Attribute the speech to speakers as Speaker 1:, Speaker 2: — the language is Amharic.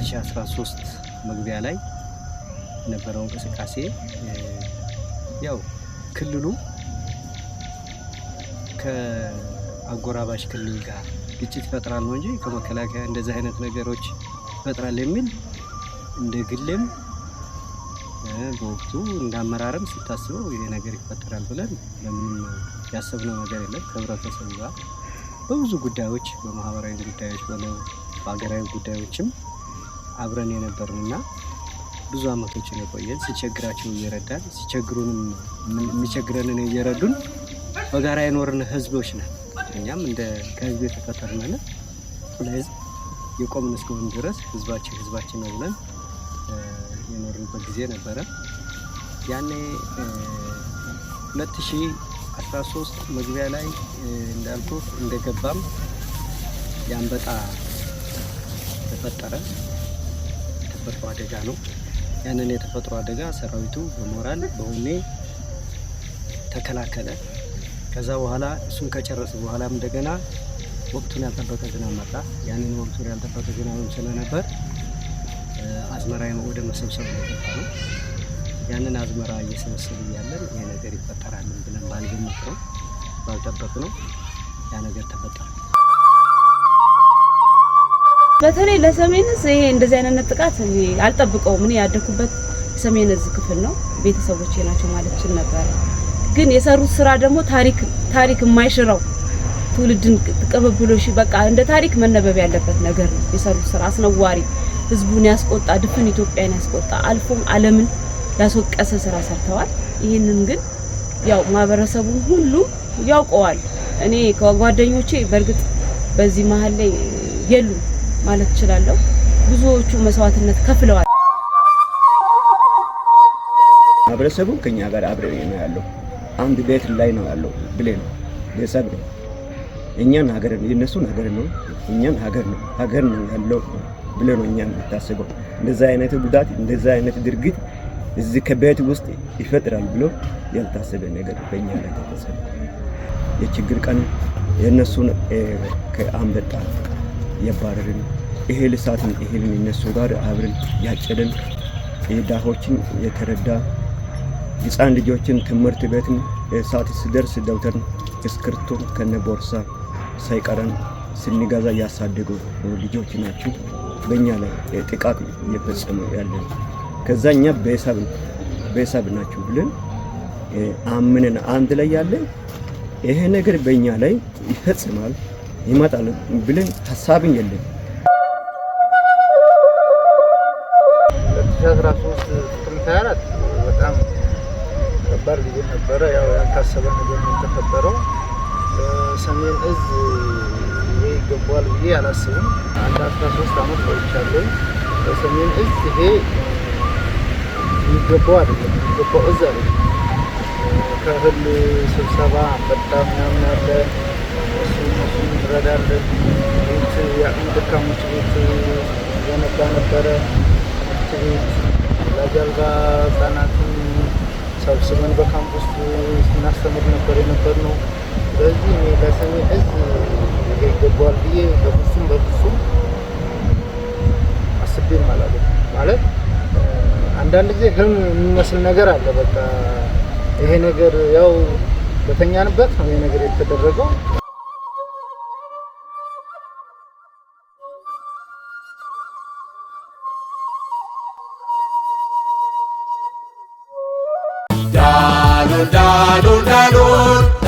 Speaker 1: 2013 መግቢያ ላይ የነበረው እንቅስቃሴ ያው ክልሉ ከአጎራባሽ ክልል ጋር ግጭት ይፈጥራል ነው እንጂ ከመከላከያ እንደዚህ አይነት ነገሮች ይፈጥራል የሚል እንደ ግልም በወቅቱ እንደ አመራርም ስታስበው ይሄ ነገር ይፈጠራል ብለን ለምንም ያሰብነው ነገር የለም። ከህብረተሰቡ ጋር በብዙ ጉዳዮች፣ በማህበራዊ ጉዳዮች፣ በሀገራዊ ጉዳዮችም አብረን እና ብዙ አመቶችን የቆየን ሲቸግራቸው እየረዳን ሲቸግሩንም የሚቸግረንን እየረዱን በጋራ የኖርን ህዝቦች ነን። እኛም እንደ ከህዝብ የተፈጠርነን ለህዝብ የቆምን እስከሆን ድረስ ህዝባችን ህዝባችን ነው ብለን የኖርንበት ጊዜ ነበረ። ያኔ 2013 መግቢያ ላይ እንዳልኩ እንደገባም የአንበጣ ተፈጠረ። የተፈጥሮ አደጋ ነው። ያንን የተፈጥሮ አደጋ ሰራዊቱ በሞራል በሁኔ ተከላከለ። ከዛ በኋላ እሱን ከጨረሱ በኋላም እንደገና ወቅቱን ያልጠበቀ ዝናብ መጣ። ያንን ወቅቱን ያልጠበቀ ዝናብም ስለነበር አዝመራ ወደ መሰብሰብ ነገባ ነው። ያንን አዝመራ እየሰበሰብ እያለን ይህ ነገር ይፈጠራልን ብለን ባልገመት ነው ባልጠበቅ ነው ያ ነገር ተፈጠረ።
Speaker 2: በተለይ ለሰሜን እዝ ይሄ እንደዚህ አይነት ጥቃት አልጠብቀውም። እኔ ያደኩበት ሰሜን እዝ ክፍል ነው፣ ቤተሰቦቼ ናቸው ማለት ይችል ነበረ። ግን የሰሩት ስራ ደግሞ ታሪክ ታሪክ የማይሽረው ትውልድን ቅብብሎሽ በቃ እንደ ታሪክ መነበብ ያለበት ነገር ነው የሰሩት ስራ። አስነዋሪ ህዝቡን ያስቆጣ ድፍን ኢትዮጵያን ያስቆጣ አልፎም ዓለምን ያስወቀሰ ስራ ሰርተዋል። ይህንን ግን ያው ማህበረሰቡም ሁሉም ያውቀዋል። እኔ ከጓደኞቼ በእርግጥ በዚህ መሀል ላይ የሉም ማለት እችላለሁ። ብዙዎቹ መስዋዕትነት ከፍለዋል።
Speaker 1: ማህበረሰቡ ከኛ ጋር አብረን ነው ያለው። አንድ ቤት ላይ ነው ያለው ብሌ ነው ቤተሰብ ነው። እኛን ሀገር ነው የእነሱን ሀገር ነው እኛን ሀገር ነው ሀገር ነው ያለው ብለ ነው እኛን የምታስበው። እንደዛ አይነት ጉዳት እንደዛ አይነት ድርጊት እዚህ ከቤት ውስጥ ይፈጥራል ብሎ ያልታሰበ ነገር በእኛ ላይ ተፈጸመ። የችግር ቀን የእነሱን ከአንበጣ የባረርን እህል እሳትን እህልን እነሱ ጋር አብረን ያጨደን የዳሆችን የተረዳ ህፃን ልጆችን ትምህርት ቤትን እሳት ስደርስ ደብተርን እስክርቶን ከነ ቦርሳ ሳይቀረን ስንገዛ ያሳደጉ ልጆች ናቸው። በእኛ ላይ ጥቃት እየፈጸሙ ያለን ከዛ እኛ ቤተሰብ ናችሁ ብለን አምነን አንድ ላይ ያለን ይሄ ነገር በእኛ ላይ ይፈጽማል። ይመጣል ብለን ሀሳብን የለን። በጣም ከባድ ጊዜ ነበረ። ያው ያልታሰበ ነገር ነው የተፈጠረው። ሰሜን እዝ ይሄ ይገባዋል ብዬ አላስብም። አንድ አስራ ሶስት አመት ቆይቻለሁ በሰሜን እዝ። ይሄ ይገባው አይደለም ይገባው እዝ አለ ከህል ስብሰባ በጣም ምናምን አለ እንረዳለን። ቤት የአቅመ ደካሞች ቤት እየነዳ ነበረ። ትምህርት ቤት ለጀልባ ህጻናትን ሰብስበን በካምፕ ውስጥ ስናስተምር ነበር የነበር ነው። በዚህ እኔ ለሰሜ እዝ ይገባዋል ብዬ በፍጹም በፍጹም አስቤም አላገኘም። ማለት አንዳንድ ጊዜ ህልም የሚመስል ነገር አለ። በቃ ይሄ ነገር ያው በተኛንበት ነው ይሄ ነገር የተደረገው። dadur dadur